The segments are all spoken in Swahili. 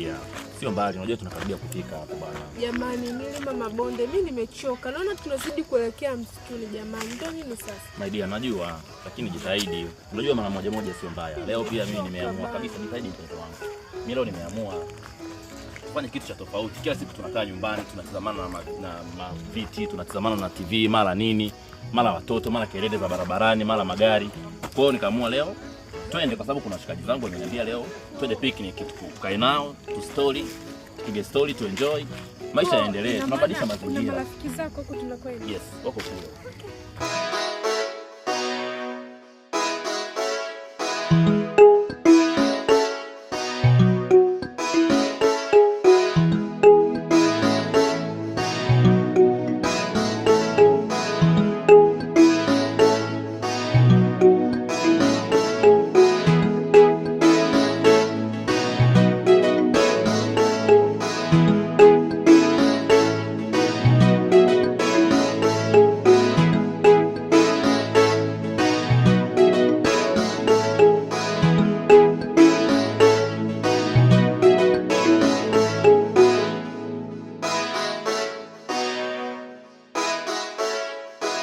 kukimbia sio mbali, unajua tunakaribia kufika hapo bwana. Jamani, milima mabonde, mimi nimechoka, naona tunazidi kuelekea msituni. Jamani, ndio nini sasa? My dear, najua lakini jitahidi, unajua mara moja moja sio mbaya. Leo pia mimi nimeamua kabisa, jitahidi mtoto wangu. Mimi leo nimeamua kufanya kitu cha tofauti. Kila siku tunakaa nyumbani tunatazamana na maviti, tunatazamana na TV, mara nini, mara watoto, mara kelele za barabarani, mara magari. Kwa hiyo nikaamua leo twende, kwa sababu kuna shikaji zangu wameniambia leo twende picnic, tukae nao tu story, tupige story, tu enjoy maisha yaendelee, tunabadilisha mazingira. Rafiki zako huko tunakwenda? Yes, wako kule.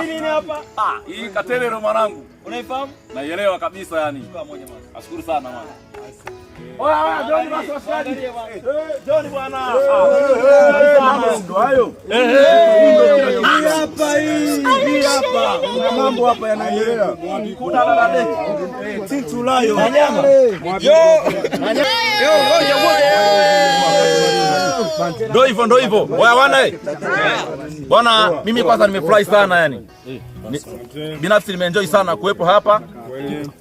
Ah, hii Katerero mwanangu. Unaifahamu? Naielewa kabisa yani. Nashukuru sana mwana. Oya, ah, John basi ah, ah. eh, eh, eh, mambo hapa yanaendelea. Ndio hivyo, ndio hivyo. Waya wana eh. Bwana mimi kwanza nimefurahi sana yani. Ni, binafsi nimeenjoy sana kuwepo hapa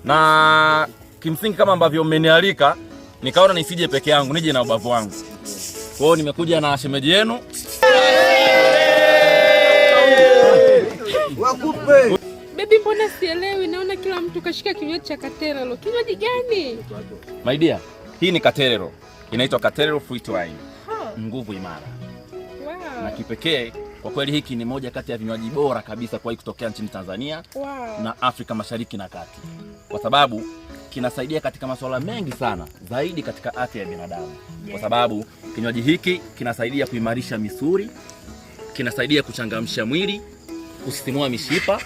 na kimsingi kama ambavyo mmenialika nikaona nisije peke yangu, nije na ubavu wangu. kwao nimekuja na shemeji yenu wakupe Bebi, mbona sielewi? Naona kila mtu kashika kinywaji cha Katerero. Kinywaji gani? My dear, hii ni Katerero, inaitwa Katerero fruit wine nguvu imara. Wow. Na kipekee kwa kweli hiki ni moja kati ya vinywaji bora kabisa kuwahi kutokea nchini Tanzania wow, na Afrika Mashariki na Kati, kwa sababu kinasaidia katika masuala mengi sana zaidi katika afya ya binadamu, kwa sababu kinywaji hiki kinasaidia kuimarisha misuri kinasaidia kuchangamsha mwili, kusisimua mishipa,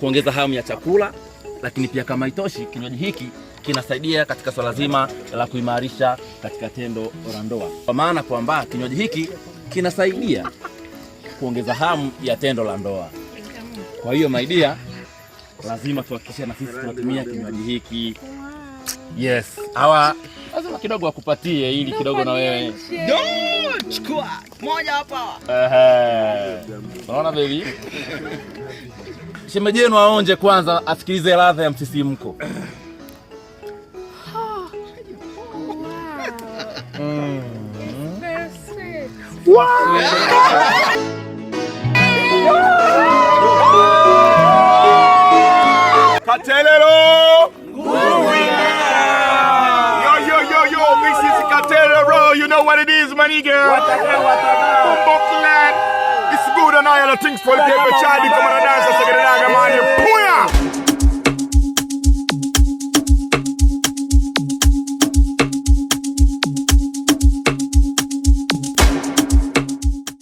kuongeza hamu ya chakula, lakini pia kama itoshi kinywaji hiki kinasaidia katika swala zima la kuimarisha katika tendo la ndoa, kwa maana kwamba kinywaji hiki kinasaidia kuongeza hamu ya tendo la ndoa. Kwa hiyo maidia, lazima tuhakikishe na sisi tunatumia kinywaji hiki. Yes, hawa lazima kidogo wakupatie ili kidogo na wewe chukua moja hapa. Unaona baby shemeji yenu aonje kwanza, asikilize ladha ya msisimko. Katelero! Yo, yo, yo, yo, this is Katelero. You know what it is, money girl. What the hell, what the hell? It's good and I all things for the paper child. You come on and dance, I get it man. Puya!